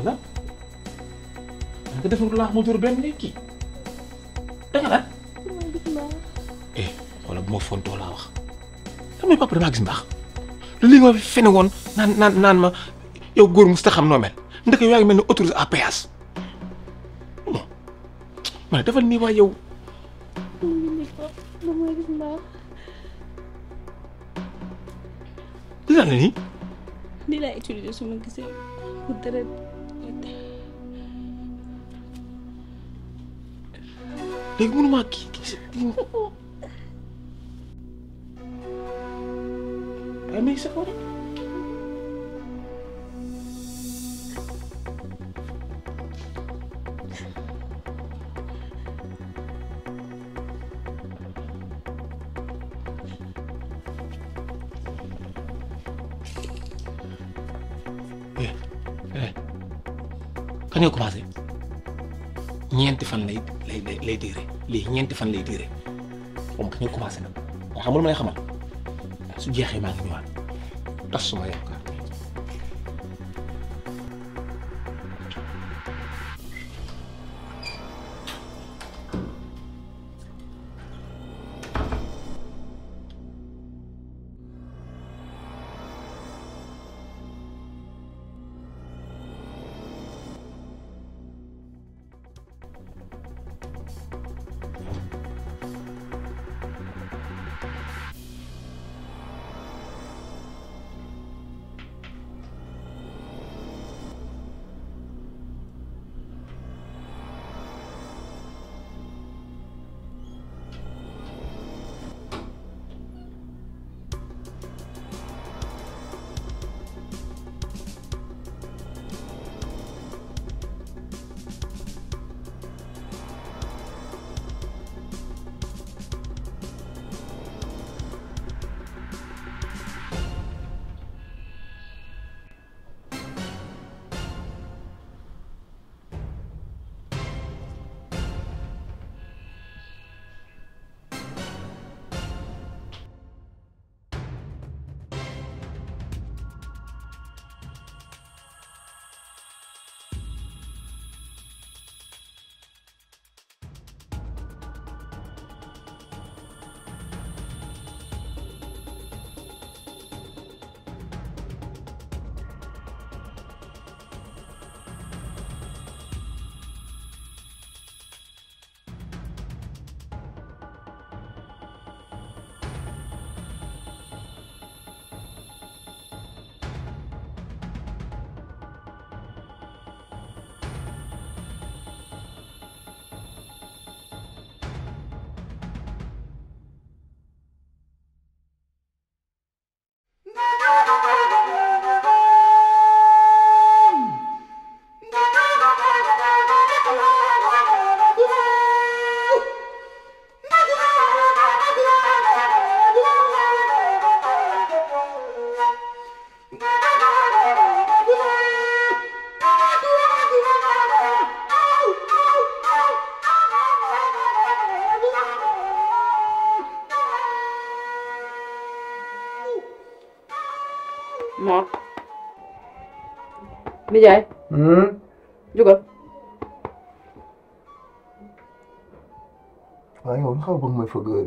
lan la nga defar laax mu jur benn kii danga lan. eh wala bu ma fontoo laa damaa gis mbaax li nga ma fene woon naan naan naan ma yow góor nii nii. laa utiliser su ma gisee Pegou numa aqui, que você tem? É, é meio isso agora. Kan é, é. nga lay diire lii ñeenti fan lay diire moom ñu commencé nag nga xam lu ma lay xamal su jeexee maa ngi ñëwaat tas suma yaakaar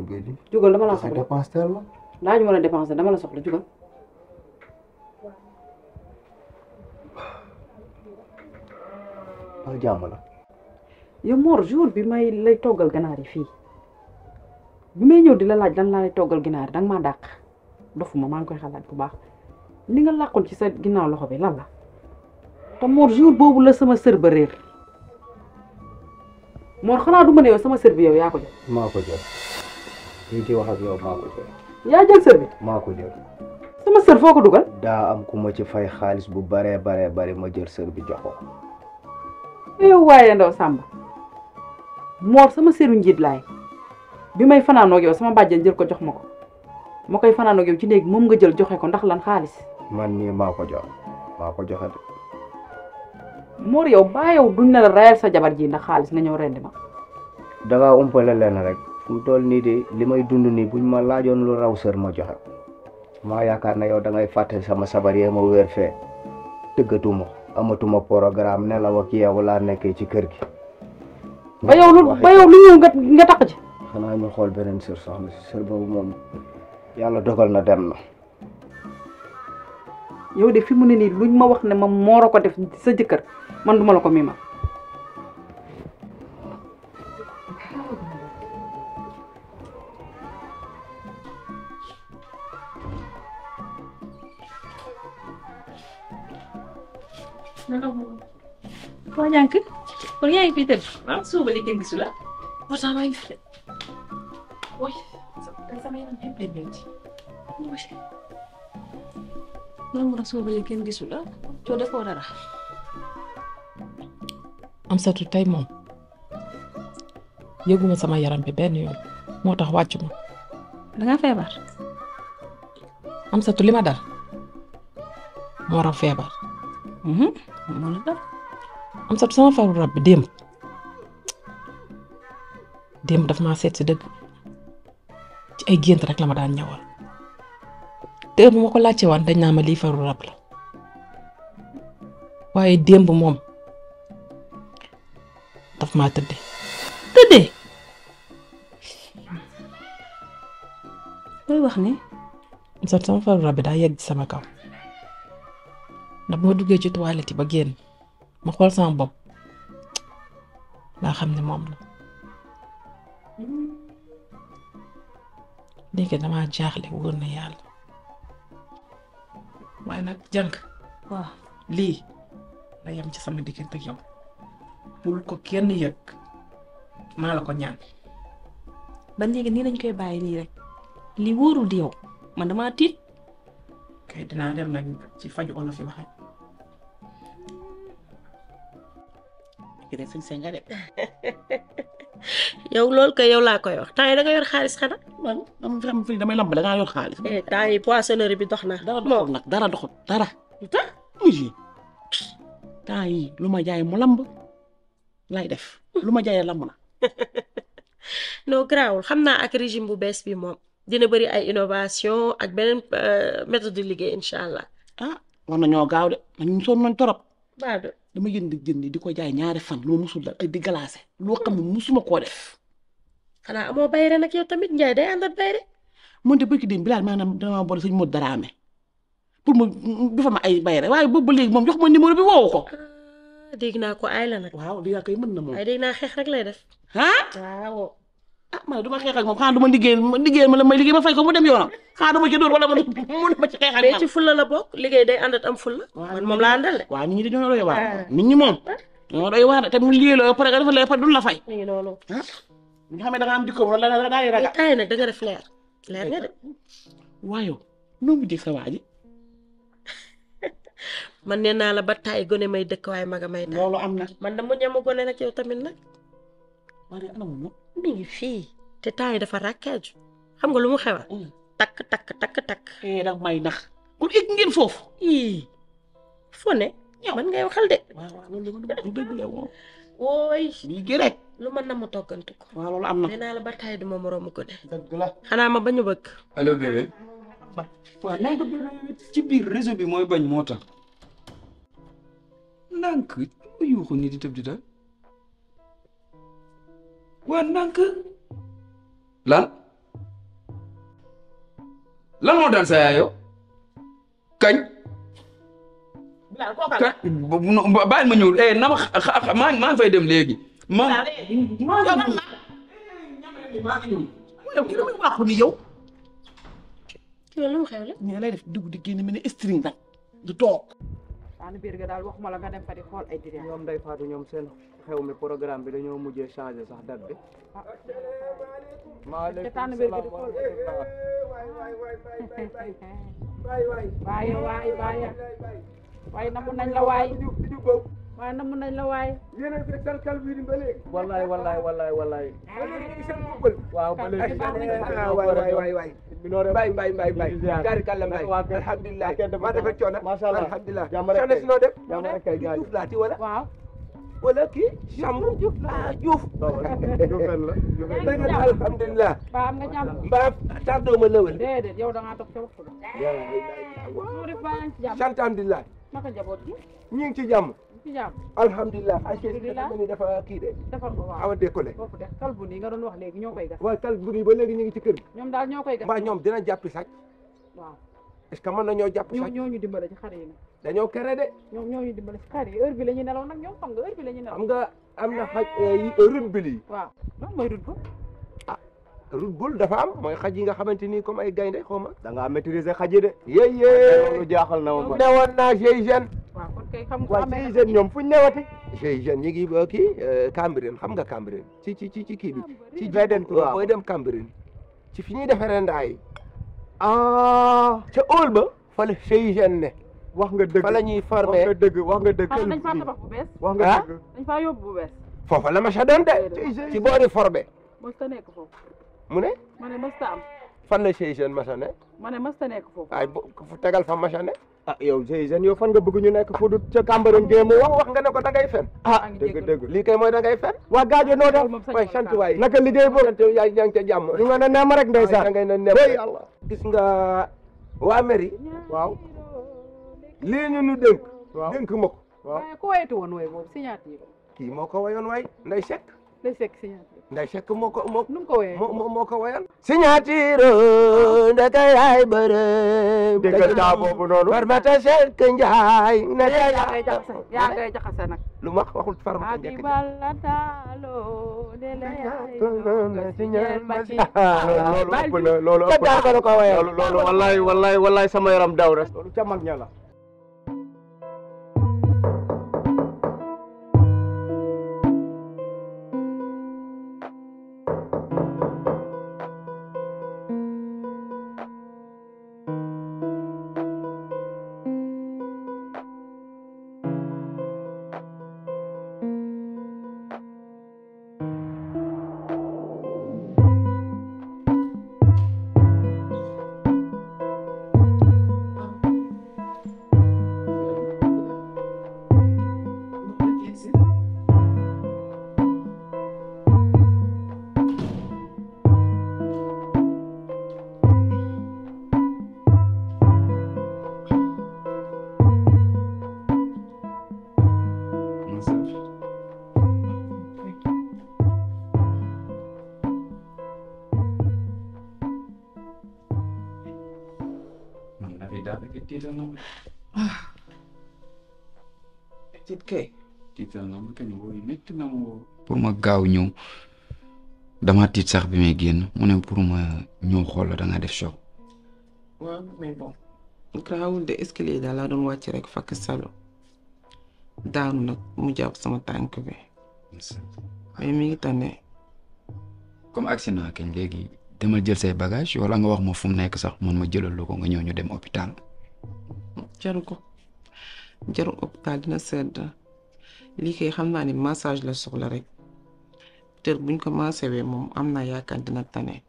Juga gi. jugal dama la soxla te dépense teel la. daa ñu mën a dépense dama Mor jour bi may lay toggal ganaar yi bi may di la laaj lan lay toggal ganaar danga maa dàq dofuma maa ngi koy xalaat bu baax li nga làqoon ci sa ginnaaw loxo bi lan la te Mor jour la sama sër ba réer Mor ma sama bi yow ko jox. ko jox. lii di wax ak yaa jël sër bi. jël. sama sër foo ko dugal. daa am ku ma ci fay xaalis bu baree bare bari ma jël sër bi jox ko. Eh, waaye ndaw Samba moor sama sëru njiit laay bi may fanaanoog yow sama bàjjen jël ko jox ma ko ma koy fanaanoog yow ci néeg moom nga jël joxe ko ndax lan xaalis. man nii maa jox maa joxe de. moor yow baa yow duñ na la sa jabar ji ndax xaalis nga ñëw rendi ma. da umpale leen rek. fu tol ni de limay dund ni buñ ma laajoon lu raw seur ma joxe ma ya yaakaar yow da ngay fàtte sama sabar yee ma wéer fee tëggatuma amatuma programme ne la ya wax yow laa nekkee ci kër gi. ba yow lu ba yow lu ñëw nga nga takk ci. xanaa ñu xool beneen sër soxna si sër boobu moom yàlla dogal na dem na. yow de fi mu ne luñ ma wax ne ma mooro ko def sa jëkkër man duma la ko Korea'ya gidelim. Nasıl böyle kendisi la? O zaman gidelim. Oy. Ben sana yanım hep demeyeceğim. Oy. Non mun a soo bële kenn gisul la coo defoo dara. am satu tey sama yaram bi benn yoon ya. moo tax wàccu ma. da nga feebar. am satu li ma Mo moo raw feebar. mo mhm. la dal. am sat sama faru rab bi démb démb daf maa seet si dëgg ci ay gént rek la ma daan ñëwal te bu ma ko laajte waan dañ naa ma lii faru rab la waaye bu moom daf ma tëddee tëddee looy wax ni am sat sama faru rab bi daa yegg sama kaw ndax bu ma duggee ci toilette yi ba génn ma xool sama bopp laa xam ne moom la léegi damaa jaaxle wóor na yàlla waaye nag jànk waaw lii la yem ci sama diggante ak yow bul ko kenn yëg maa la ko ñaan ba léegi nii lañ koy bàyyi nii rek li wóorul di yow man damaa tiit kay dinaa dem nag ci faju olof yi waxee di nga sañ dem. yow loolu kay yow laa koy wax temps yi da nga yor xaalis xanaa. man am fi am fi damay lamb da ngaa yor xaalis. Eh, temps yi bi dox na. dara doxul nag dara doxul dara. lu yi lu ma jaay mu lamb lay def lu ma jaayee lamb na. non garaawul xam naa ak régime bu bees bi moom dina bari ay innovation ak beneen euh, méthode de liggéey incha allah. ah war de man ñu sonn nañ torop. dama jënd jën di ko jaay ñaari fan loo musul dal ak di glacé loo xam ne musuma koo def. xanaa amoo bayre nag yow tamit Ndiaye day ànd ak bayre. moom itam bëgg nañ bilaal maanaam damaa boole sëñ Modou Daraame pour mu dafa ma ay bayre waaye boobu ba léegi moom jox ma numéro bi woowu ko. Ah, dégg naa ko ay la waaw dégg naa koy mën na moom. waaye dégg naa xeex rek lay def. ah ah man du ma xeex moom xanaa du ma liggéeyal ma liggéeyal ma la may liggéey ma fay ko mu dem yoonam xanaa du ma ci dóor wala fulla la bokk liggéey day àndat am fulla man moom laa àndal de ñi dañoo doy waar ah. nit ñi moom ah. la pare nga dafa lay la fay loolu ah nga xam ne da nga am dikkoom wala da ngay ragal tay nag da nga def leer leer nga de waaye noo mujjee sa waa ji man nee naa la ba taay gone may dëkk waaye maga may taay loolu am na man dama ñama gone nag yow tamit nag mi ngi fii te temps yi dafa rakkeeju xam nga lu mu xewa mm. takk takk takk takk. Eh, dag may nax kon foofu. ii foo ne. man ngay waxal de. lu dëgg na mu toggantu ko. waaw na. nee naa la ba tey du ma moroomu ko de. dëgg ma bañ a bëgg. allo bébé. bi mooy bañ moo tax. ndànk yuuxu ni di tëb di daal. waa ndànk lan lan moo daan sa kañ. bàyyi ma ñëw eh na ma xa maa ngi fay dem léegi. maa eh. maa ngi ñëw yow. Eh, yow lu mu xew la. ñu lay def dugg di génn mel ni string nag du toog. waxtaanu biir ga daal waxuma la nga dem fa di xool ay direct ñoom day faatu ñoom seen xew mi programme bi dañoo mujjee changé sax date bi ah. maaleykum salaam waay waay waay waay waay namu nañ la waay waaye na mun nañ la waaye. yéen a ngi fi kalkal bii ba léegi. wallaay wallaay wallaay wallaay. waaw ba léegi. waay waay waay. mbay mbay mbay mbay. gaari kàlla mbay. alhamdulilah maa dafa coono. macha allah alhamdulilah soxna si noo def. jaamare kay gaari Diouf laa ci wala. waaw. wala kii. Samb Diouf ah Diouf. Dioufène la Dioufène la. alhamdulilah. waaw am nga jàmm. mbaa tardoo ma lëwal. déedéet yow da ngaa toog ca waxtu la. sant alhamdulilah. naka njaboot gi. ñu ngi ci jàmm. ci jàmm alhamdulilah ace ni dafa kii de dafa awa décollé bopp de ñoo koy gas waaw kalbu nii ba léegi ñu ngi ci kër dina jàppi sàcc waaw na ñoo jàpp sàcc ñoo ñu kere de ñoom ñoo ñu dimbale ci xar yi bi la ñuy nga heure bi la ñuy nelaw xam nga am na xaj rumbil eh, yi eh, waaw lan mooy ah, dafa am mooy xaj yi nga xamante ni comme ay gaynde xaw ma da ngaa maîtriser xaj yi de yéy yéy jaaxal na ma ok xam nga amee waaw ñoom fu ñu newati. jeunes ñi ngi euh, kii euh, Cambérène xam nga Cambérène ci ci ci kii bi. ci booy dem waaw booy dem Cambérène. ci fi ñuy defaree ndaay. ah. ca óol ba. fa la jeunes ne. wax nga dëgg fa la ñuy formé dëgg wax nga dëgg. Ah, dañ faa tabax bu wax nga dëgg ah, dañ faa bu bees. foofa la ma sa doon de. ci boori forbe. nekk mu ne. fan la GIGN masa ne. ma ne masta nekk foofu. ay bu tegal fa masa ne. ah yow GIGN yow fan nga bëgg ñu nekk fu du ca Cambérène Gueye mu wax wax nga ne ko dangay fen. ah dëgg dëgg lii kay mooy dangay fen. waa gaajo noo def waay sant waay naka liggéey boobu. sant yaay ñaa ngi ca jàmm. ñu nga ne neem rek ndeysaan da ngay ne neem rek gis nga waa mairie. waaw. lii ñu nu dénk. waaw dénk ma ko. waaw ku wayatu woon waay si ñaata yi. kii moo ko wayoon waay nday day fekk signature day fekk moo ko moo nu mu ko woyee moo moo ko woyal signature ndaka yaay bërëm dëggal daa boobu noonu farbata sekk njaay naka yaay jaxase yaa ngay jaxase nag lu ma waxul farbata njëkk balla taalo de la yaay signal ma ci loolu ëpp na loolu ëpp na loolu wallaay wallaay wallaay sama yaram daw rek loolu ca mag ña la Didn't know. Did kay? Tiital na ma kañ wooyu métti na ma pour ma gaaw ñëw dama tiit sax bi may génn mu ne pour ma ñëw xool la da nga def choc. waaw mais bon garaawul de escalier daal laa doon wàcc rek fakk salo daanu nag mu jàpp sama tànk bi. mais mi ngi tane. comme accident kañ léegi demal jël say bagage wala nga wax ma fu mu nekk sax man ma jëlal la nga ñëw ñu dem hôpital. jaru ko jaru hôpital dina sedd lii kay xam naa ni massage la soxla rek te buñ ko wee moom am naa yaakaar dina tane.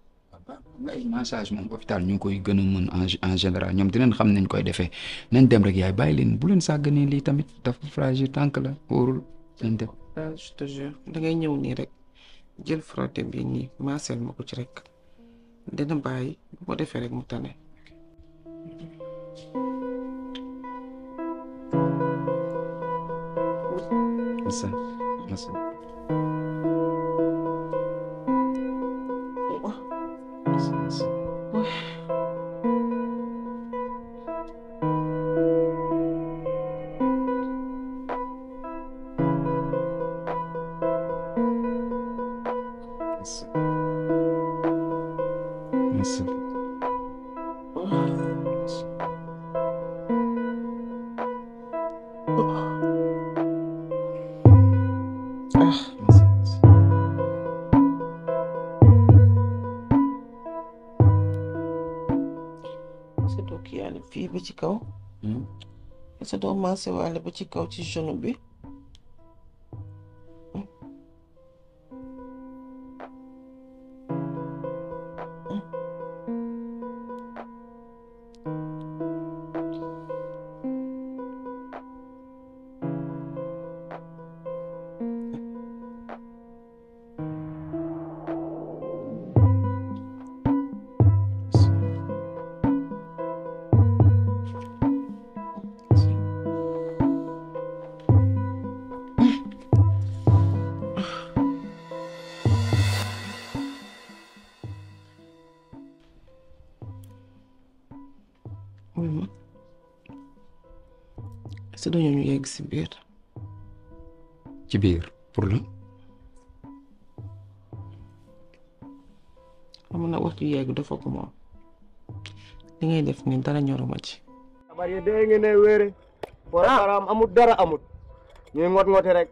waaw massage moom hôpital ñu ngi koy gën a mën en général ñoom dinañ xam nañ koy defee nañ dem rek yaay bàyyi leen buleen leen sàgganee lii tamit dafa fragile tànk la wóorul nañ dem. Ah, je te jure da ngay ñëw nii rek jël frotté bi nii massel ma ko ci rek dina bàyyi boo defee rek mu tane. Nasıl? Nasıl? kii yaale fii ba ci kaw. Hmm? parce que doo maase waale ba ci kaw ci genou bi. te dañoo ñu yegg si biir. ci pour la. xam wax ju yegg dafa moom li ngay def ni dara ñoruma ci. xabar yi dee ngeen ne wéere. Ah. amut dara amut. ñuy ngot ngote rek.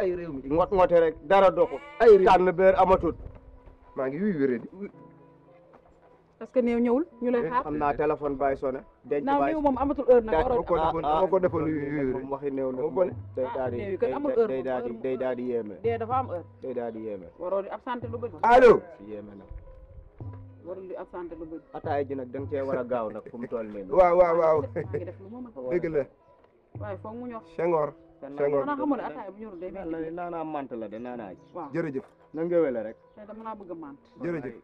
ay réew mi ngot ngote rek dara doxul. ay réew tànn beer amatut maa ngi yuy wéere di. parce que néew ñëwul ñu lay xaar xam naa téléphone bàyyi sonné. denc bàyyi néew am heure. day nag. waroon di absenté lu bëri. ataay ji nag da cee war a gaaw nag fu mu toll nii. waaw waaw waaw. dëgg la. waaye foog mu ñor. Senghor. Senghor xanaa ne ataay bu ñorul day mel. mant la de naanaa a mant. jërëjëf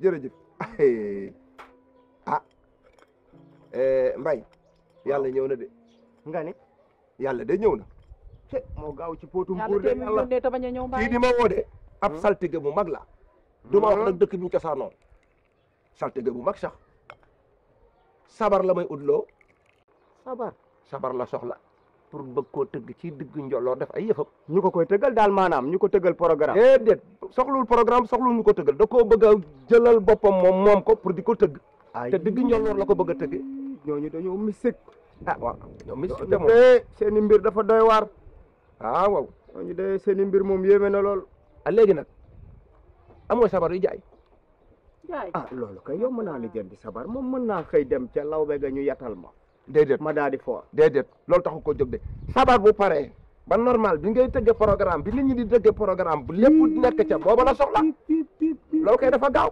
jërëjëf ah eh, Mbaye yàlla ñëw na de nga ni yàlla de ñëw na te moo gaaw ci póotum buur de yàlla kii di ma de ab hmm? saltige bu mag la du wax hmm? nag dëkk bi ñu cosaanoo saltige bu mag sax sabar la may utloo sabar sabar la soxla pour bëgg ko tëgg ci dëgg njolloor def ay yëfam ñu ko koy tëggal dal manam ñu ko tëggal programme det soxlul programme soxlul ñu ko tëggal da ko bëgg jëlal bopam mom mom ko pour diko ko te dëgg njolloor la ko bëgg a ñoñu dañu misik ah waaw ñoo misik de seen mbir dafa doy war ah waaw ñu dé seen mbir mom yéme na lool a ah, légui nak amoo sabar yu jaay ah loolu kay yom na la jënd sabar mom mëna naa dem ci lawbe ga ñu yatal ma déedéet ma daal di fo déedéet loolu taxu ko jóg de sabar bu paree ba normal bi ngay tëgg programme bi nit ñi di tëgg programme bu lépp nekk ca booba la soxla loolu kay dafa gaaw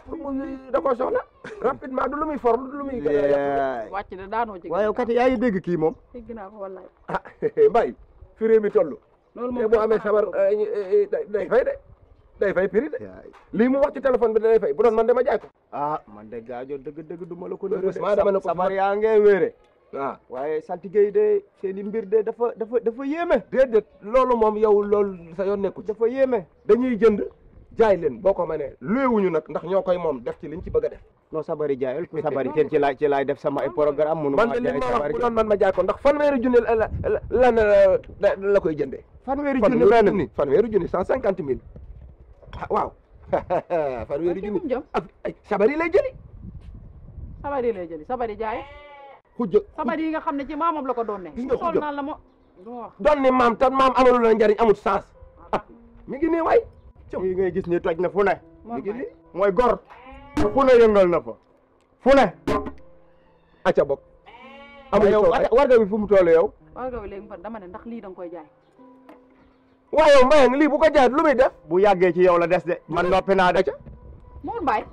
da ko soxla rapidement du lu muy forme du lu muy wàcc na daanoo ci waaye kat yaa ngi dégg kii moom dégg naa ko wallaay ah mi toll loolu moom boo amee sabar eh, eh, eh, day fay de day fay prix de lii mu wax ci bi day fay bu doon man dama jaay ko ah man de gaajo dëgg dëgg du ma la ko dama ne ko sabar yaa ngee wéere waaw waaye saltige yi de seen mbir de dafa dafa dafa yéeme. déedéet loolu moom yow loolu sa yoon nekku dafa yéeme. dañuy jënd jaay leen boo ko mënee luwewuñu nag ndax ñoo koy moom def ci liñ ci bëgg a def. non sabari jaayal ku sabari teel ci laay ci laay def sama programme. mënu man de li ma wax bu doon man ma jaay ko ndax fanweeri junni la lan la koy jëndee. fanweeri junni benn ni fanweeri junni cent cinquante mille. waaw fanweeri junni ak ay sabari lay jëli. sabari lay jëli sabari jaay. xujja sabar yi nga xam ne ci maamam la ko doonee. gis nga xujja naa la ma doon ne maam tan maam amalu la njariñ saas a ah. ah, mi ngi nii waay. yi ngay gis ni toj na fu ne. mi ngi mooy gor. fu ne yëngal na fa. fu ne. acca bokk. amul yow warga bi fu mu toll yow. warga bi léegi man dama ne ndax lii da nga koy jaay. waaye yow Mbaye lii bu ko jaayee lu muy def. bu yàggee ci yow la des de. man noppi naa de. Mor Mbaye.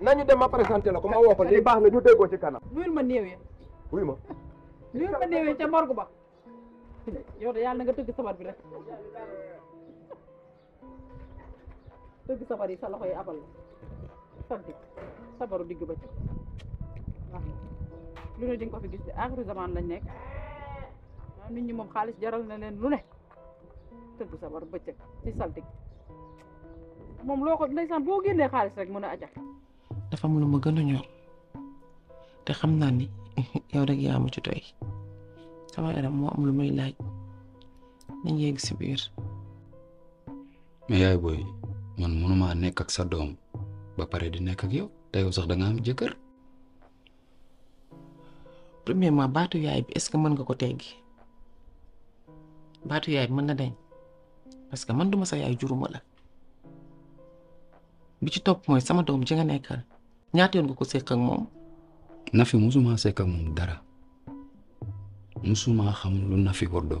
nañu dem ma présenté la ko ma woo ko lii baax na ñu déggoo ci kanam. ma néew wuy ma li ma néewee ca morgue ba yow de yàlla na nga tëgg sabar bi nah. nah, rek tëgg sabar yi sa loxo abal santi sabaru digg ba ci lu ne di ko fi gis zaman lañ nekk nit ñi moom xaalis jaral na leen lu ne tëgg sabar bëccëg ci saltig moom loo ko ndeysaan boo génnee rek dafa ma ñor te ni yow rek yaa ma ci doy sama yaram moo am lu muy laaj nañ yegg si biir. mais yaay booy man mënumaa nekk ak sa doom ba pare di nekk ak yow te yow sax da nga am jëkkër. premièrement baatu yaay bi est-ce que mën nga ko teggi baatu yaay bi mën na dañ parce que man duma sa yaay juruma la bi ci topp mooy sama doom ji nga nekkal ñaata yoon nga ko séq ak moom. nafi musuma se ka mun dara musuma xam lu nafi wordoo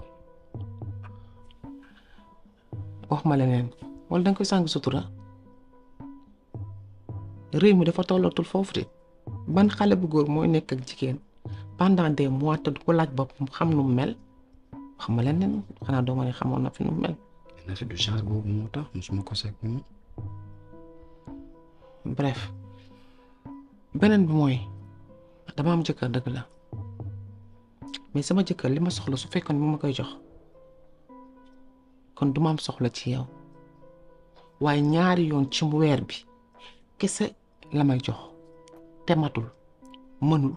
wax ma leneen wala da nga koy sàng sutura réew mi dafa tollatul foofu de ban xale bu góor mooy nekk ak jigéen pendant des mois te du ko laaj boppam xam nu mel wax ma leneen xanaa doo ma ne xamoon na fi nu mel. na fi du genre boobu moo tax musuma ko seeg moom. bref beneen bi mooy. dama am jëkkër dëgg la mais sama jëkkër li ma soxla su fekkoon bi ma koy jox kon duma am soxla ci yow waaye ñaari yoon ci weer bi kese la may jox te matul mënul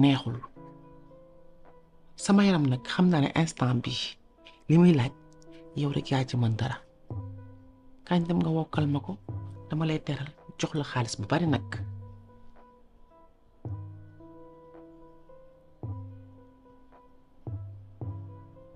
neexul sama yaram nag xam naa ne instant bi li muy laaj yow rek yaa ci mën dara kañ dem nga wokkal ma ko dama lay teral jox la xaalis bu bari nag